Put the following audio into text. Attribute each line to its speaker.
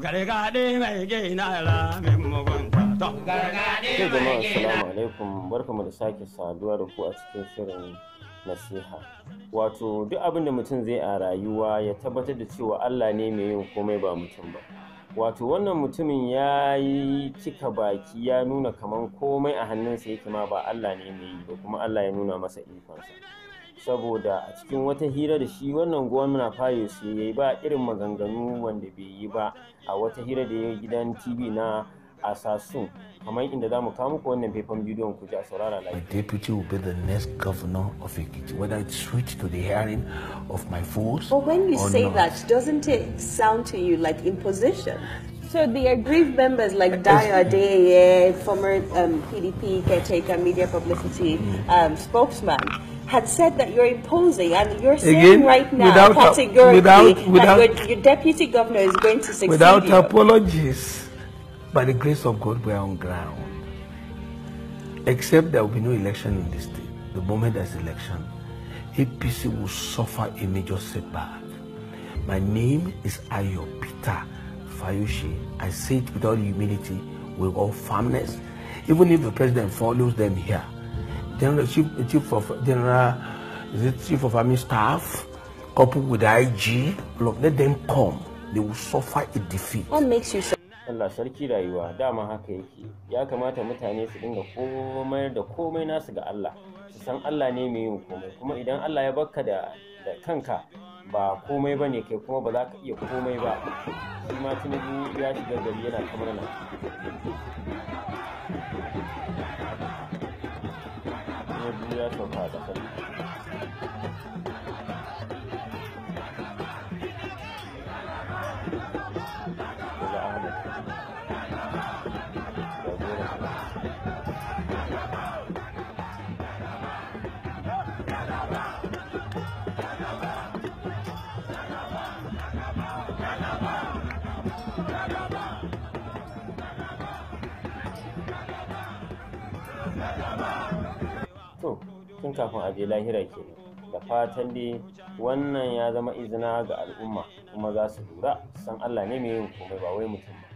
Speaker 1: gargaɗe mai gina ramin mugunta
Speaker 2: alaikum
Speaker 1: barkamu da sake saduwa da ku a cikin shirin nasiha wato duk abin da mutum zai a rayuwa ya tabbatar da cewa Allah ne mai yin komai ba mutum ba wato wannan mutumin ya yi cika baki ya nuna kamar komai a hannunsa yake ma ba Allah ne mai yi ba kuma Allah ya nuna masa ikonsa saboda a cikin wata hira da shi wannan gwamna fayos ya yi ba irin maganganu wanda bai yi ba a wata hira da ya gidan tv na Asasu. kamar inda za kawo muku
Speaker 2: wannan faifan bidiyon ku ji a saurara lafiya. My deputy will be the next governor of Ekiti, whether it's switch to the hearing of my force. But when you say not. that, doesn't it sound to you like imposition? So the aggrieved members like Dayo Adeye, former um, PDP caretaker, media publicity mm. um, spokesman, had said that you're imposing and you're saying Again, right now without, categorically without, without, that your, your, deputy governor is going to succeed Without you. apologies. By the grace of God, we are on ground. Except there will be no election in this state. The moment there's election, APC will suffer a major setback. My name is Ayo Peter Fayushi. I say it with all humility, with all firmness. Even if the president follows them here, General Chief, Chief of General, is it Chief of Army Staff, coupled with IG, let them come. They will suffer a defeat.
Speaker 1: What makes you so? Allah sarki rayuwa dama haka yake ya kamata mutane su dinga komai da komai nasu ga Allah su san Allah ne mai yin komai kuma idan Allah ya baka da da kanka ba komai ba ne kai kuma ba za ka iya komai ba shi ma tinubu ya shiga gari yana kamar nan tinubu ya sauka da sarki to tun kafin a je lahira ke da fatan dai wannan ya zama izina ga al'umma kuma za su lura san Allah ne mai yin komai ba wai mutum ba